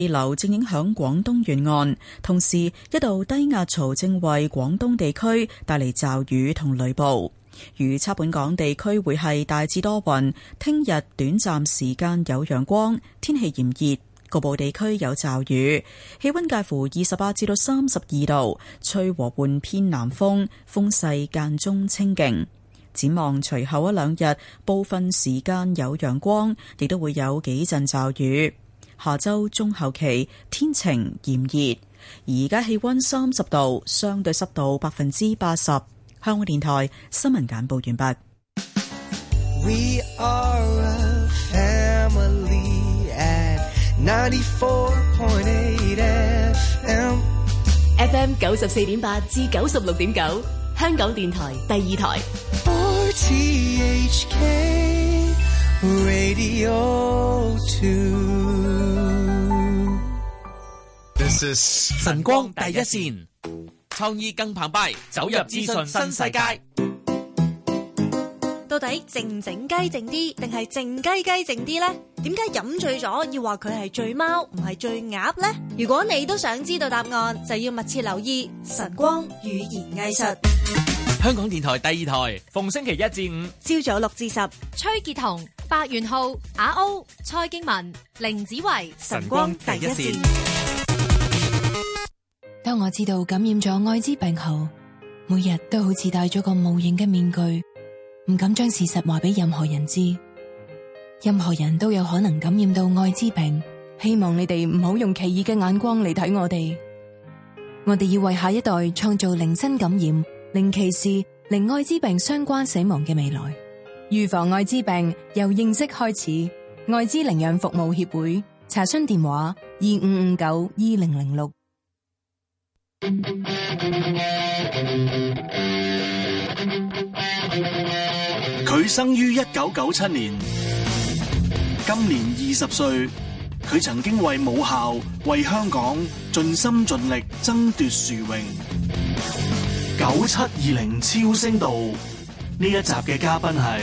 氣流正影響廣東沿岸，同時一道低壓槽正為廣東地區帶嚟驟雨同雷暴。預測本港地區會係大致多雲，聽日短暫時間有陽光，天氣炎熱，局部地區有驟雨，氣溫介乎二十八至到三十二度，吹和緩偏南風，風勢間中清勁。展望隨後一兩日，部分時間有陽光，亦都會有幾陣驟雨。下周中後期天晴炎熱，而家氣温三十度，相對濕度百分之八十。香港電台新聞簡報完畢。FM 九十四點八至九十六點九，香港電台第二台。晨光第一線，創意更澎湃，走入資訊新世界。到底靜靜雞靜啲，定係靜雞雞靜啲呢？點解飲醉咗要話佢係醉貓，唔係醉鴨呢？如果你都想知道答案，就要密切留意晨光語言藝術。香港電台第二台，逢星期一至五，朝早六至十，崔潔彤、白元浩、阿歐、蔡敬文、凌子維。晨光第一線。當我知道感染咗艾滋病後，每日都好似戴咗個無形嘅面具，唔敢將事實話俾任何人知。任何人都有可能感染到艾滋病。希望你哋唔好用奇異嘅眼光嚟睇我哋。我哋要為下一代創造零新感染、零歧視、零艾滋病相關死亡嘅未來。預防艾滋病由認識開始。艾滋領養服務協會查詢電話：二五五九二零零六。佢生於一九九七年，今年二十歲。佢曾經為母校、為香港盡心盡力爭奪殊榮。九七二零超聲道呢一集嘅嘉賓係，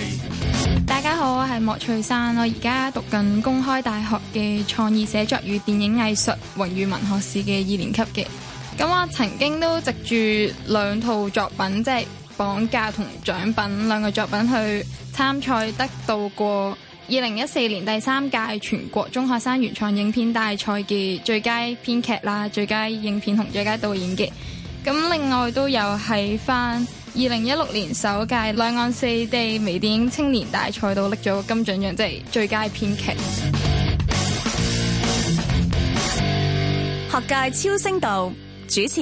大家好，我係莫翠珊。我而家讀緊公開大學嘅創意寫作與電影藝術榮譽文學士嘅二年級嘅。咁我曾經都藉住兩套作品，即係《綁架》同《獎品》兩個作品去參賽，得到過二零一四年第三屆全國中學生原創影片大賽嘅最佳編劇啦、最佳影片同最佳導演嘅。咁另外都有喺翻二零一六年首屆兩岸四地微電影青年大賽度拎咗金獎獎，即係最佳編劇。學界超聲道。主持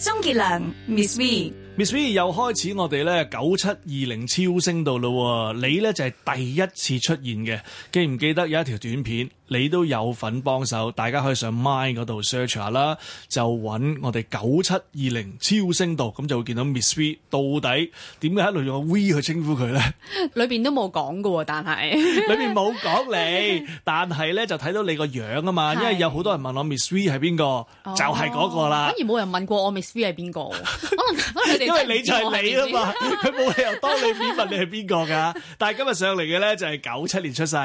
鍾傑良，Miss V，Miss V 又開始我哋咧九七二零超聲度咯，你咧就係第一次出現嘅，記唔記得有一條短片？你都有份幫手，大家可以上 My 嗰度 search 下啦，就揾我哋九七二零超聲度，咁就會見到 Miss V。到底點解喺度用 V 去稱呼佢咧？裏邊都冇講嘅，但係裏邊冇講你，但係咧就睇到你個樣啊嘛，是因為有好多人問我 Miss V 係邊個，就係嗰個啦。反而冇人問過我 Miss V 係邊個， 可能因為你就係你啊嘛，佢冇 理由當你面問你係邊個㗎。 但係今日上嚟嘅咧就係九七年出世，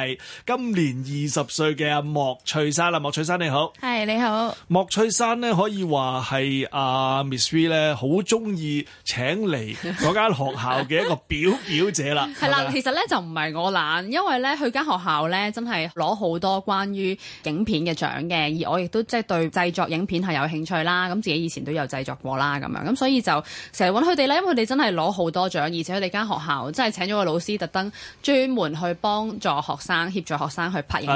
今年二十歲。嘅莫翠珊啦，莫翠珊你好，係你好。莫翠珊咧可以話係阿 Miss V 咧好中意請嚟嗰間學校嘅一個表表者啦。係啦，其實咧就唔係我懶，因為咧佢間學校咧真係攞好多關於影片嘅獎嘅，而我亦都即係、就是、對製作影片係有興趣啦。咁自己以前都有製作過啦，咁樣咁所以就成日揾佢哋咧，因為佢哋真係攞好多獎，而且佢哋間學校真係請咗個老師特登專門去幫助學生協助學生去拍影。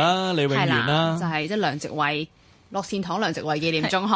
啦，李永元啦、啊，就係、是、即梁植偉，樂善堂梁植偉紀念中學，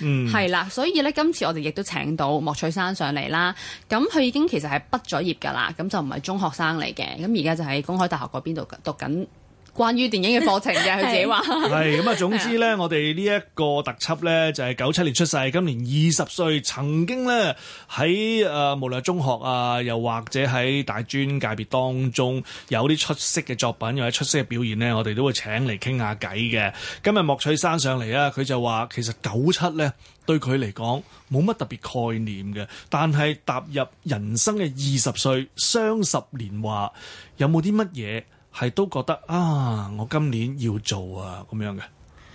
係啦的， 所以咧今次我哋亦都請到莫翠珊上嚟啦，咁佢已經其實係畢咗業噶啦，咁就唔係中學生嚟嘅，咁而家就喺公開大學嗰邊度讀緊。讀關於電影嘅課程嘅佢 自己話，係咁啊。總之咧，我哋呢一個特輯咧就係九七年出世，今年二十歲。曾經咧喺誒，無論係中學啊，又或者喺大專界別當中有啲出色嘅作品，又或者出色嘅表現咧，我哋都會請嚟傾下偈嘅。今日莫翠珊上嚟啊，佢就話其實九七咧對佢嚟講冇乜特別概念嘅，但係踏入人生嘅二十歲雙十年華，有冇啲乜嘢？係都覺得啊，我今年要做啊咁樣嘅。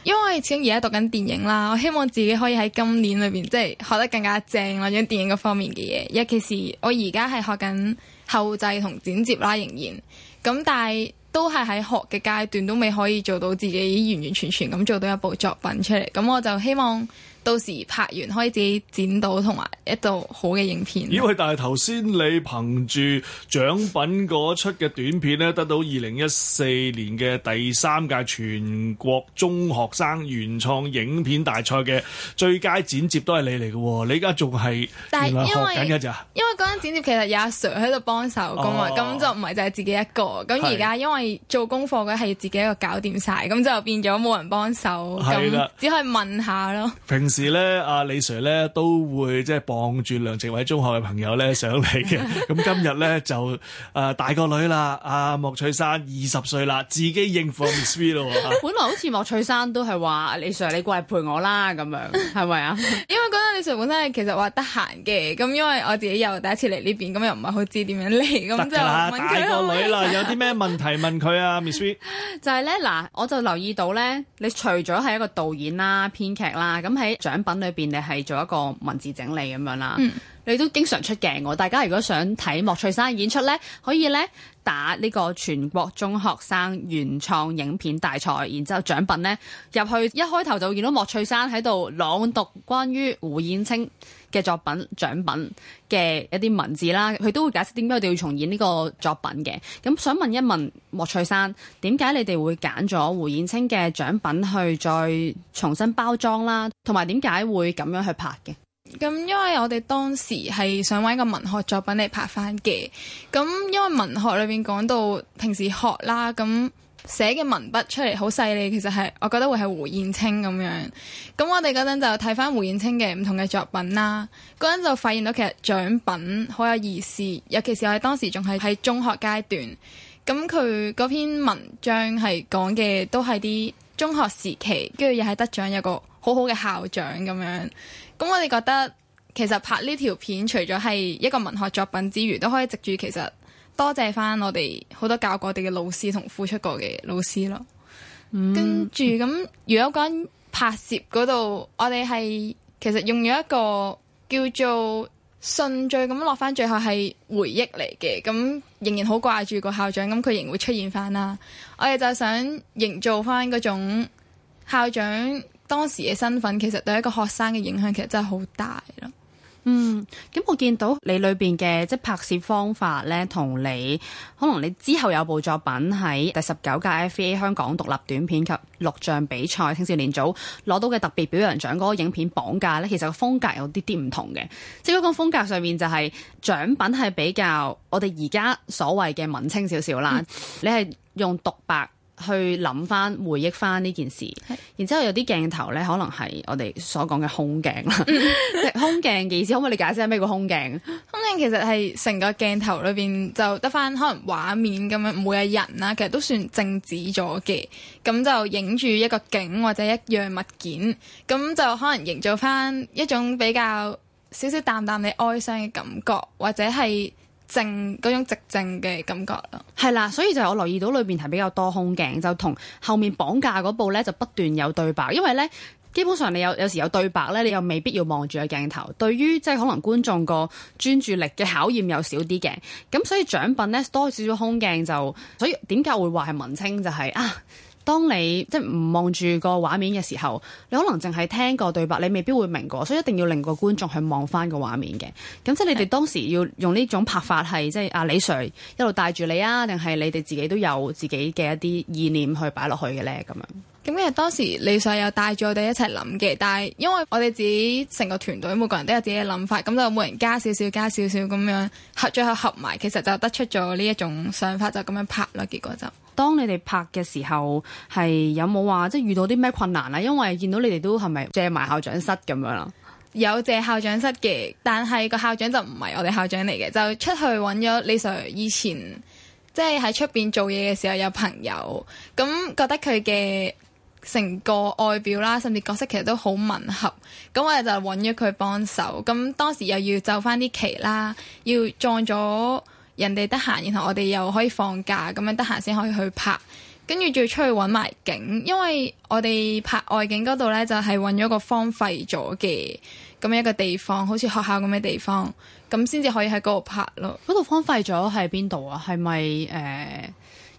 因為始終而家讀緊電影啦，我希望自己可以喺今年裏邊即係學得更加正啦，將電影嗰方面嘅嘢。尤其是我而家係學緊後製同剪接啦，仍然咁，但係都係喺學嘅階段，都未可以做到自己完完全全咁做到一部作品出嚟。咁我就希望。到時拍完開始剪到同埋一度好嘅影片。咦？喂！但係頭先你憑住獎品嗰齣嘅短片咧，得到二零一四年嘅第三屆全國中學生原創影片大賽嘅最佳剪接都係你嚟嘅喎。你而家仲係，但係因為緊因為嗰陣剪接其實有阿 Sir 喺度幫手㗎嘛，咁、哦、就唔係就係自己一個。咁而家因為做功課嘅係自己一個搞掂晒，咁是的 就變咗冇人幫手，咁只可以問下咯。時咧，阿李 sir 咧都會即係傍住梁靜偉中學嘅朋友咧上嚟嘅。咁 今日咧就誒、呃、大個女啦，阿、啊、莫翠珊二十歲啦，自己應付 Miss V 咯。 本來好似莫翠珊都係話，李 sir 你過嚟陪我啦咁樣，係咪啊？ 因為覺得李 sir 本身係其實話得閒嘅，咁因為我自己又第一次嚟呢邊，咁又唔係好知點樣嚟，咁即問佢。大個女啦，有啲咩問題問佢啊？Miss V 就係咧嗱，我就留意到咧，你除咗係一個導演啦、編劇啦，咁喺，獎品裏邊你係做一個文字整理咁樣啦，嗯，你都經常出鏡啊。我大家如果想睇莫翠珊演出呢，可以呢打呢個全國中學生原創影片大賽，然之後獎品呢入去一開頭就見到莫翠珊喺度朗讀關於胡燕青。嘅作品獎品嘅一啲文字啦，佢都會解釋點解我哋要重演呢個作品嘅。咁想問一問莫翠珊，點解你哋會揀咗胡燕青嘅獎品去再重新包裝啦？同埋點解會咁樣去拍嘅？咁因為我哋當時係想揾一個文學作品嚟拍翻嘅。咁因為文學裏邊講到平時學啦，咁。寫嘅文筆出嚟好細膩，其實係我覺得會係胡燕青咁樣。咁我哋嗰陣就睇返胡燕青嘅唔同嘅作品啦，嗰陣就發現到其實獎品好有意思，尤其是我哋當時仲係喺中學階段。咁佢嗰篇文章係講嘅都係啲中學時期，跟住又係得獎有個好好嘅校長咁樣。咁我哋覺得其實拍呢條片除咗係一個文學作品之餘，都可以藉住其實。多謝翻我哋好多教過我哋嘅老師同付出過嘅老師咯，跟住咁如果講拍攝嗰度，我哋係其實用咗一個叫做順序咁落翻最後係回憶嚟嘅，咁仍然好掛住個校長，咁佢仍然會出現翻啦。我哋就想營造翻嗰種校長當時嘅身份，其實對一個學生嘅影響其實真係好大啦。嗯，咁我見到你裏邊嘅即係拍攝方法咧，同你可能你之後有部作品喺第十九屆 F A 香港獨立短片及錄像比賽青少年組攞到嘅特別表揚獎嗰個影片綁架咧，其實個風格有啲啲唔同嘅，即係個風格上面就係、是、獎品係比較我哋而家所謂嘅文青少少啦，嗯、你係用獨白。去諗翻、回憶翻呢件事，是然之後有啲鏡頭呢，可能係我哋所講嘅空鏡啦。 空鏡意思可唔 可以你解釋下咩叫空鏡？空鏡其實係成個鏡頭裏邊就得翻可能畫面咁樣，唔會有人啦。其實都算靜止咗嘅，咁就影住一個景或者一樣物件，咁就可能營造翻一種比較少少淡淡嘅哀傷嘅感覺，或者係。正嗰種直正嘅感覺咯，係啦，所以就我留意到裏邊係比較多空鏡，就同後面綁架嗰部呢，就不斷有對白。因為呢，基本上你有有時有對白呢，你又未必要望住個鏡頭，對於即係、就是、可能觀眾個專注力嘅考驗又少啲嘅。咁所以獎品呢，多少少空鏡就，所以點解會話係文青就係、是、啊？當你即係唔望住個畫面嘅時候，你可能淨係聽過對白，你未必會明過，所以一定要令個觀眾去望翻個畫面嘅。咁即係你哋當時要用呢種拍法，係即係阿李 Sir 一路帶住你啊，定係你哋自己都有自己嘅一啲意念去擺落去嘅呢？咁樣，咁因為當時李 Sir 有帶住我哋一齊諗嘅，但係因為我哋自己成個團隊每個人都有自己嘅諗法，咁就每人加少少、加少少咁樣合最後合埋，其實就得出咗呢一種想法，就咁樣拍啦。結果就。當你哋拍嘅時候係有冇話即係遇到啲咩困難呀？因為見到你哋都係咪借埋校長室咁樣囉？有借校長室嘅，但係個校長就唔係我哋校長嚟嘅，就出去揾咗李 Sir。以前即係喺出邊做嘢嘅時候有朋友，咁覺得佢嘅成個外表啦，甚至角色其實都好吻合，咁我哋就揾咗佢幫手。咁當時又要就翻啲棋啦，要撞咗。人哋得閒，然後我哋又可以放假，咁樣得閒先可以去拍，跟住仲要出去揾埋景，因為我哋拍外景嗰度呢，就係揾咗個荒廢咗嘅咁樣一個地方，好似學校咁嘅地方，咁先至可以喺嗰度拍咯。嗰度 荒廢咗係邊度啊？係咪誒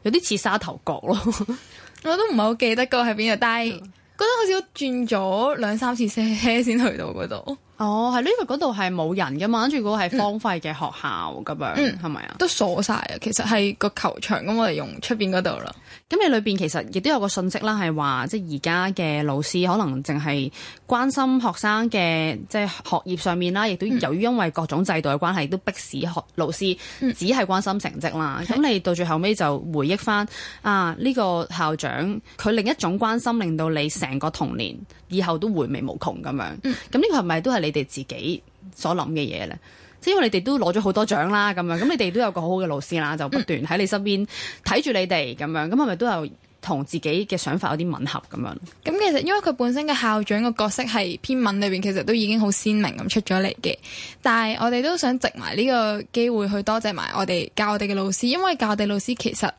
有啲似沙頭角咯？ 我都唔係好記得個係邊度，但係覺得好似轉咗兩三次車先去到嗰度。哦，係，因為嗰度係冇人噶嘛，跟住個係荒廢嘅學校咁樣，係咪啊？是是都鎖晒啊！其實係個球場咁，我哋用出邊度啦。咁你裏邊其實亦都有個信息啦，係話即係而家嘅老師可能淨係關心學生嘅即係學業上面啦，亦都由於因為各種制度嘅關係、嗯、都迫使學老師只係關心成績啦。咁、嗯、你到最後尾就回憶翻啊！呢、這個校長佢另一種關心，令到你成個童年以後都回味無窮咁樣，咁呢、嗯、個係咪都係你？你哋自己所諗嘅嘢咧，即係因為你哋都攞咗好多獎啦，咁樣，咁你哋都有個好好嘅老師啦，就不斷喺你身邊睇住你哋咁樣，咁係咪都有同自己嘅想法有啲吻合咁樣？咁、嗯、其實因為佢本身嘅校長個角色係篇文裏邊其實都已經好鮮明咁出咗嚟嘅，但係我哋都想藉埋呢個機會去多謝埋我哋教我哋嘅老師，因為教我哋老師其實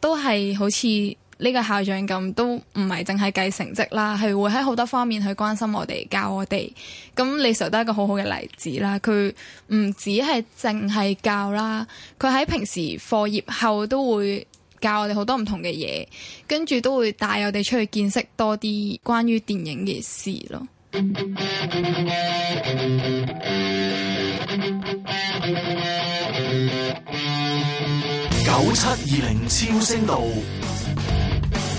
都係好似。呢個校長咁都唔係淨係計成績啦，係會喺好多方面去關心我哋、教我哋。咁你 s i 都係一個好好嘅例子啦。佢唔只係淨係教啦，佢喺平時課業後都會教我哋好多唔同嘅嘢，跟住都會帶我哋出去見識多啲關於電影嘅事咯。九七二零超聲道。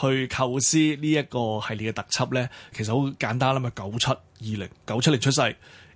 去構思呢一個系列嘅特輯咧，其實好簡單啦嘛，九七二零九七年出世。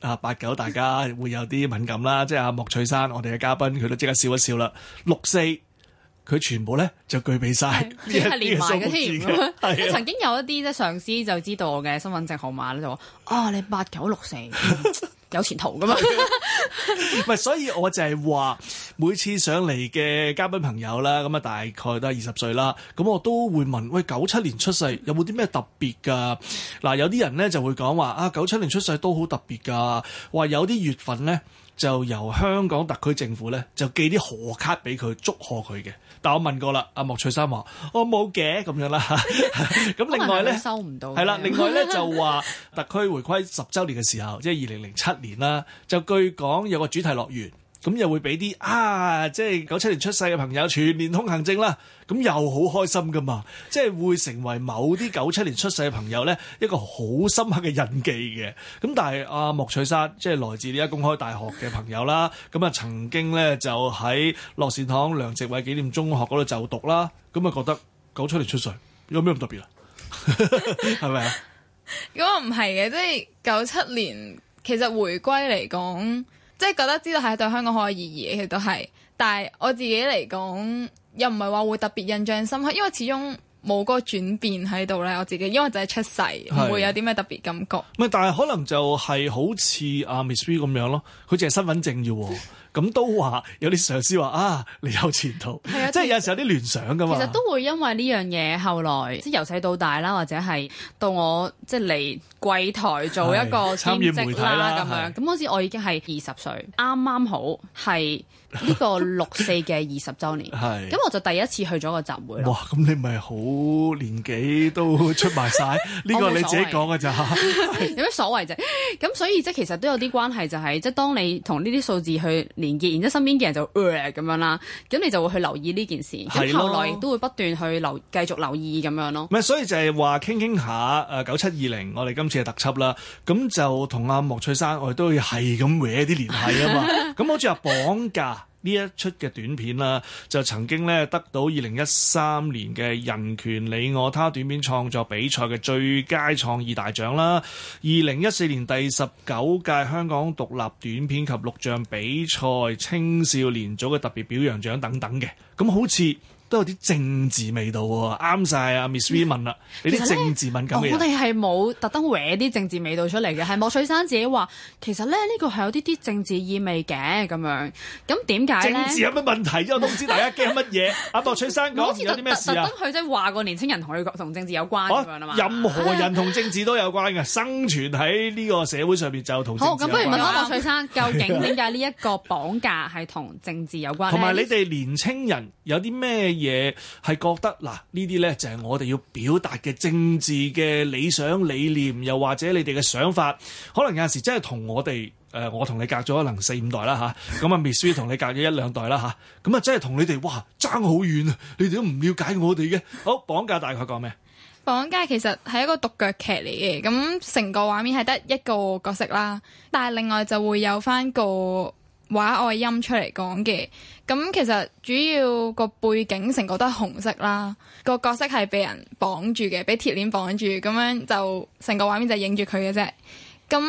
啊，八九大家會有啲敏感啦，即係阿、啊、莫翠珊，我哋嘅嘉賓佢都即刻笑一笑啦。六四，佢全部咧就具備晒，係連埋嘅添。曾經有一啲咧上司就知道我嘅身份證號碼咧，啊、就話：哦、啊，你八九六四。 有前途㗎嘛？唔係，所以我就係話，每次上嚟嘅嘉賓朋友啦，咁啊大概都係二十歲啦。咁我都會問，喂，九七年出世有冇啲咩特別㗎？嗱，有啲人咧就會講話，啊，九七年出世都好特別㗎，話有啲月份咧。就由香港特區政府咧，就寄啲賀卡俾佢祝賀佢嘅。但我問過啦，阿、啊、莫翠山莫翠珊話：我冇嘅咁樣啦。咁 另外咧收唔到，係啦。另外咧 就話特區回歸十周年嘅時候，即係二零零七年啦，就據講有個主題樂園。咁又會俾啲啊，即係九七年出世嘅朋友，全面通行證啦，咁又好開心噶嘛，即係會成為某啲九七年出世嘅朋友咧，一個好深刻嘅印記嘅。咁但係阿、啊、莫翠珊，即係來自呢家公開大學嘅朋友啦，咁啊曾經咧就喺樂善堂梁植偉紀念中學嗰度就讀啦，咁啊覺得九七年出世有咩咁特別啊？係 咪啊？如果唔係嘅，即係九七年其實回歸嚟講。即係覺得知道係對香港好有意義嘅，其實都係。但係我自己嚟講，又唔係話會特別印象深刻，因為始終冇個轉變喺度咧。我自己因為就係出世，唔的會有啲咩特別感覺。唔係，但係可能就係好似阿 Miss V 咁樣咯，佢淨係身份證啫喎。 咁都話有啲上司話啊，你有前途，係啊，即係有時有啲聯想㗎嘛。其實都會因為呢樣嘢，後來即係由細到大啦，或者係到我即係嚟櫃台做一個兼職啦，咁樣。咁陣時我已經係二十歲，啱啱好係。呢個六四嘅二十周年，咁 是的 我就第一次去咗個集會咯。哇！咁你咪好年紀都出埋晒？呢 個你自己講嘅咋？有 乜所謂啫？咁所以即係其實都有啲關係，就係，就係即係當你同呢啲數字去連結，然之後身邊嘅人就咁樣啦，咁你就會去留意呢件事，咁後來都會不斷去留繼續留意咁樣咯。唔、嗯、所以就係話傾傾下誒九七二零，我哋今次嘅特輯啦，咁就同阿莫翠珊我哋都要係咁搲啲聯繫啊嘛，咁 好似話綁架。呢一出嘅短片啦，就曾經咧得到二零一三年嘅人權你我他短片創作比賽嘅最佳創意大獎啦，二零一四年第十九屆香港獨立短片及錄像比賽青少年組嘅特別表揚獎等等嘅，咁好似。都有啲政治味道喎，啱晒阿 Ms V 問啦，你啲政治敏感嘅人，我哋係冇特登搲啲政治味道出嚟嘅，係莫翠珊自己話，其實咧呢個係有啲啲政治意味嘅咁樣，咁點解？政治有乜問題啫？我唔知大家驚乜嘢。阿莫翠珊講有啲咩？特登佢即係話個年輕人同佢同政治有關，任何人同政治都有關嘅，生存喺呢個社會上邊就同政治有關。好，咁不如問下莫翠珊，究竟點解呢一個綁架係同政治有關？同埋你哋年青人有啲咩？嘢係覺得嗱呢啲咧就係我哋要表達嘅政治嘅理想理念，又或者你哋嘅想法，可能有陣時真係同我哋誒、呃，我同你隔咗可能四五代啦嚇，咁啊 Miss 同你隔咗一兩代啦嚇，咁啊真係同你哋哇爭好遠啊！你哋都唔瞭解我哋嘅。好，綁架大概講咩？綁架其實係一個獨腳劇嚟嘅，咁成個畫面係得一個角色啦，但係另外就會有返個。畫外音出嚟講嘅，咁其實主要個背景成個都係紅色啦，個角色係被人綁住嘅，俾鐵鏈綁住，咁樣就成個畫面就影住佢嘅啫。咁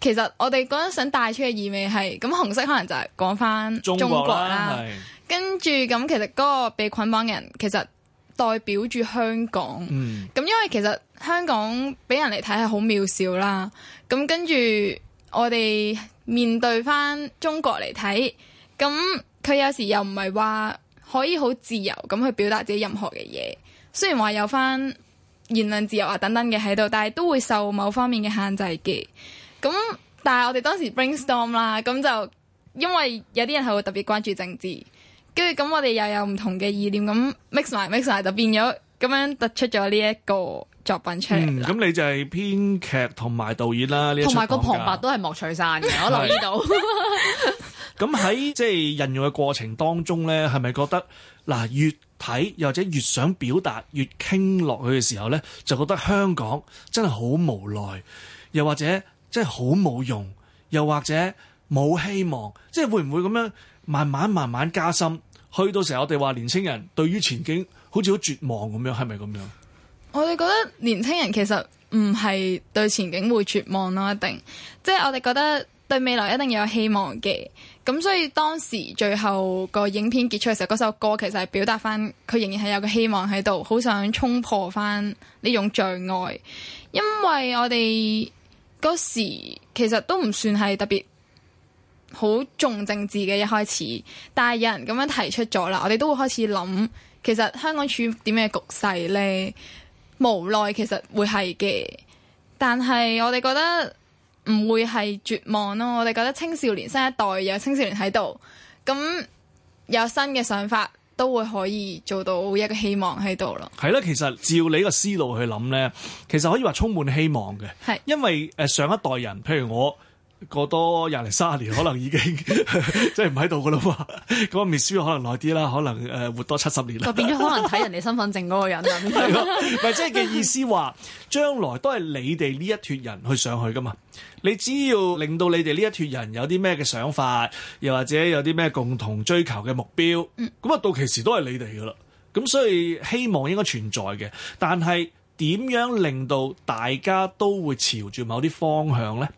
其實我哋嗰陣想帶出嘅意味係，咁紅色可能就係講翻中國啦，國啦，跟住咁其實嗰個被捆綁嘅人其實代表住香港，咁、嗯、因為其實香港俾人嚟睇係好渺小啦，咁跟住我哋。面對翻中國嚟睇，咁佢有時又唔係話可以好自由咁去表達自己任何嘅嘢。雖然話有翻言論自由啊等等嘅喺度，但係都會受某方面嘅限制嘅。咁但係我哋當時 brainstorm 啦，咁就因為有啲人係會特別關注政治，跟住咁我哋又有唔同嘅意念，咁 mix 埋 mix 埋就變咗咁樣突出咗呢一個作品出嚟，嗯，咁你就係編劇同埋導演啦，你同埋個旁白都係莫翠珊嘅，我留意到。咁喺即係運用嘅過程當中咧，係咪覺得嗱、啊，越睇又或者越想表達，越傾落去嘅時候咧，就覺得香港真係好無奈，又或者真係好冇用，又或者冇希望，即係會唔會咁樣慢慢慢慢加深，去到時候我哋話年青人對於前景好似好絕望咁樣，係咪咁樣？我哋覺得年青人其實唔係對前景會絕望咯，一定即係我哋覺得對未來一定有希望嘅。咁所以當時最後個影片結束嘅時候，嗰首歌其實係表達翻佢仍然係有個希望喺度，好想衝破翻呢種障礙。因為我哋嗰時其實都唔算係特別好重政治嘅，一開始，但係有人咁樣提出咗啦，我哋都會開始諗，其實香港處點嘅局勢呢？無奈其實會係嘅，但係我哋覺得唔會係絕望咯。我哋覺得青少年新一代有青少年喺度，咁有新嘅想法，都會可以做到一個希望喺度咯。係啦，其實照你個思路去諗呢，其實可以話充滿希望嘅，係。因為誒上一代人，譬如我，過多廿零卅年，可能已經 即係唔喺度噶啦嘛。咁啊，Ms V 可能耐啲啦，可能誒、呃、活多七十年，就變咗可能睇人哋身份證嗰個人啦。唔係即係嘅意思話，將來都係你哋呢一脱人去上去噶嘛。你只要令到你哋呢一脱人有啲咩嘅想法，又或者有啲咩共同追求嘅目標，咁啊到其時都係你哋噶啦。咁所以希望應該存在嘅，但係點樣令到大家都會朝住某啲方向咧？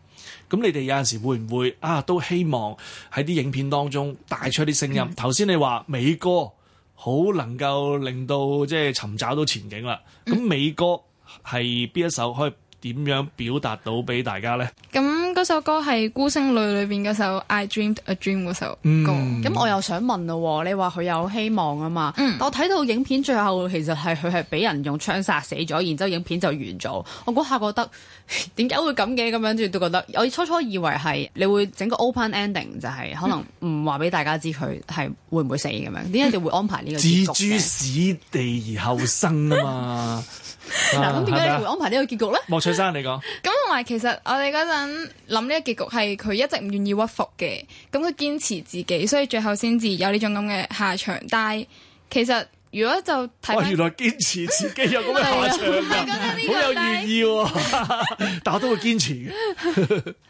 咁你哋有陣時會唔會啊？都希望喺啲影片當中帶出啲聲音。頭先、嗯、你話美歌好能夠令到即係尋找到前景啦。咁、嗯、美歌係邊一首可以點樣表達到俾大家咧？嗯嗯咁嗰首歌係《孤星淚》裏邊嗰首《I Dreamed a Dream》嗰首歌，咁、嗯、我又想問咯，你話佢有希望啊嘛？嗯，但我睇到影片最後其實係佢係俾人用槍殺死咗，然之後影片就完咗。我嗰下覺得點解會咁嘅咁樣，即係都覺得我初初以為係你會整個 open ending，就係可能唔話俾大家知佢係會唔會死咁樣。點解 你會安排呢個結局？自誅史地而後生啊嘛！嗱，咁點解你會安排呢個結局咧？莫翠珊，你講。咁同埋，其實我哋嗰陣。諗呢個結局係佢一直唔願意屈服嘅，咁佢堅持自己，所以最後先至有呢種咁嘅下場。但係其實如果就睇翻，原來堅持自己有咁嘅下場，好、 這個、有意義，但係都會堅持嘅，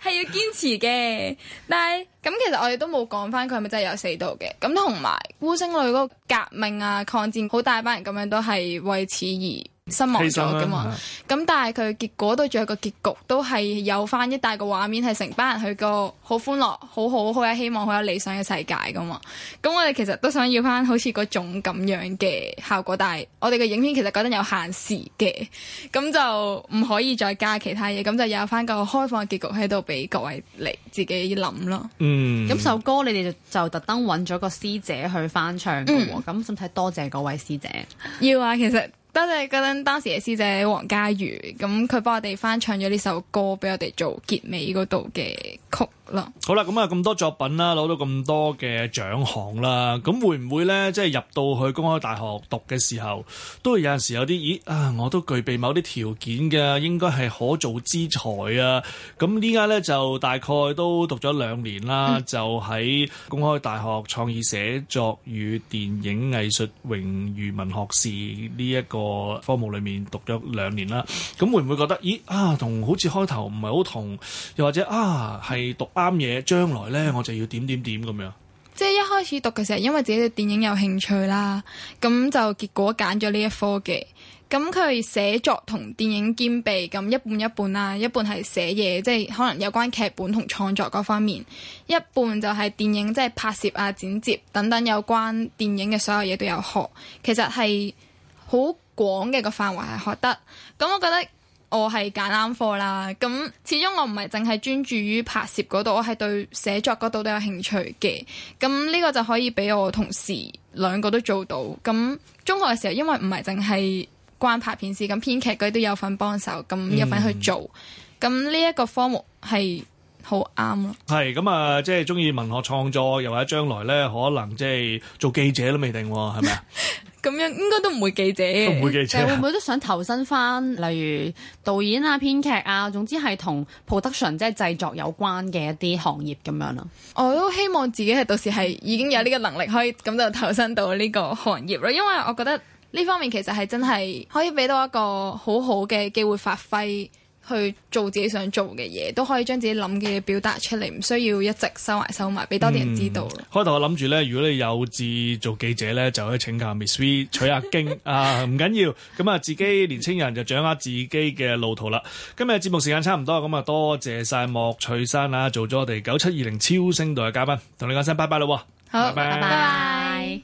係要堅持嘅。但係咁其實我哋都冇講翻佢係咪真係有死到嘅？咁同埋孤星女嗰個革命啊、抗戰，好大班人咁樣都係為此而。失望咗噶嘛？咁但係佢結果都仲有個結局，都係有翻一大個畫面，係成班人去過好歡樂、好好、好有希望、好有理想嘅世界噶嘛？咁我哋其實都想要翻好似嗰種咁樣嘅效果，但係我哋嘅影片其實覺得有限時嘅，咁就唔可以再加其他嘢，咁就有翻個開放嘅結局喺度俾各位嚟自己諗咯。嗯，咁首歌你哋就，就特登搵咗個師姐去翻唱噶，咁想睇多謝各位師姐。要啊，其實。多謝嗰陣當時嘅師姐黃嘉瑜。咁佢幫我哋翻唱咗呢首歌，俾我哋做結尾嗰度嘅曲。了好啦，咁啊，咁多作品啦，攞到咁多嘅獎項啦，咁會唔會咧，即係入到去公開大學讀嘅時候，都會有陣時有啲，咦啊，我都具備某啲條件嘅，應該係可造之材啊。咁依家咧就大概都讀咗兩年啦，嗯、就喺公開大學創意寫作與電影藝術榮譽文學士呢一個科目裏面讀咗兩年啦。咁會唔會覺得，咦啊，同好似開頭唔係好同，又或者啊，係讀。啱嘢，將來呢，我就要點點點咁樣。即係一開始讀嘅時候，因為自己對電影有興趣啦，咁就結果揀咗呢一科嘅。咁佢寫作同電影兼備，咁一半一半啦、啊，一半係寫嘢，即係可能有關劇本同創作嗰方面，一半就係電影，即係拍攝啊、剪接等等有關電影嘅所有嘢都有學。其實係好廣嘅個範圍係學得。咁我覺得。我係揀啱課啦，咁始終我唔係淨係專注於拍攝嗰度，我係對寫作嗰度都有興趣嘅。咁呢個就可以俾我同時兩個都做到。咁中學嘅時候，因為唔係淨係關拍片事，咁編劇佢都有份幫手，咁有份去做。咁呢一個科目係好啱咯。係咁啊，即係中意文學創作，又或者將來呢，可能即係做記者都未定喎，係咪啊？ 咁樣應該都唔會記者嘅，都唔會記者，會唔會都想投身翻，例如導演啊、編劇啊，總之係同 production 即係製作有關嘅一啲行業咁樣咯。我都希望自己係到時係已經有呢個能力，可以咁就投身到呢個行業咯。因為我覺得呢方面其實係真係可以俾到一個好好嘅機會發揮。去做自己想做嘅嘢，都可以將自己諗嘅嘢表達出嚟，唔需要一直收埋收埋，俾多啲人知道、嗯。開頭我諗住咧，如果你有志做記者咧，就可以請教 Miss V 取下經 啊，唔緊要。咁啊，自己年青人就掌握自己嘅路途啦。今日節目時間差唔多，咁啊，多謝晒莫翠珊啊，做咗我哋九七二零超聲代嘅嘉賓，同你講聲拜拜咯！好，拜拜。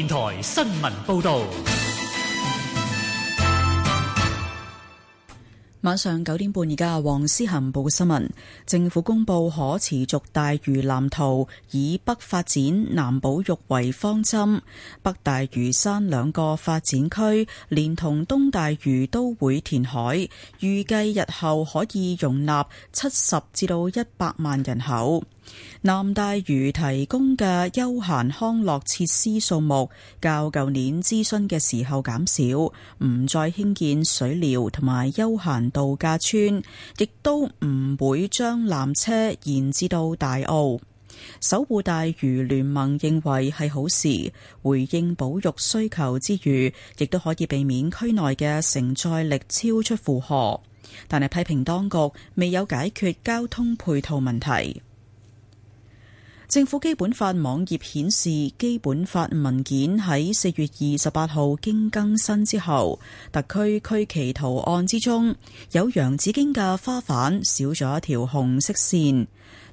電台新聞報道：晚上九點半，而家黃思恒報新聞，政府公布可持續大嶼藍圖，以北發展、南保育為方針。北大嶼山兩個發展區，連同東大嶼都會填海，預計日後可以容納七十至到一百萬人口。南大嶼提供嘅休閒康樂設施數目，較舊年諮詢嘅時候減少，唔再興建水療同埋休閒度假村，亦都唔會將纜車延至到大澳。守護大嶼聯盟認為係好事，回應保育需求之餘，亦都可以避免區內嘅承載力超出負荷。但係批評當局未有解決交通配套問題。政府基本法網頁顯示，基本法文件喺四月二十八號經更新之後，特區區旗圖案之中有洋紫荊嘅花瓣少咗一條紅色線。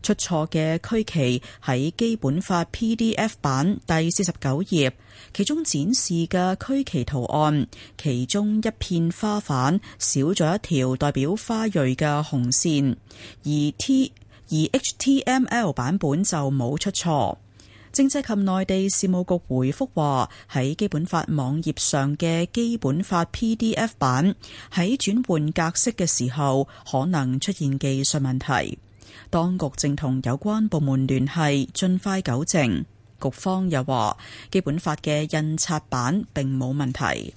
出錯嘅區旗喺基本法 PDF 版第四十九頁，其中展示嘅區旗圖案其中一片花瓣少咗一條代表花蕊嘅紅線，而 T。而 HTML 版本就冇出錯，政制及內地事務局回覆話，喺基本法網頁上嘅基本法 PDF 版喺轉換格式嘅時候可能出現技術問題，當局正同有關部門聯繫盡快糾正。局方又話基本法嘅印刷版並冇問題。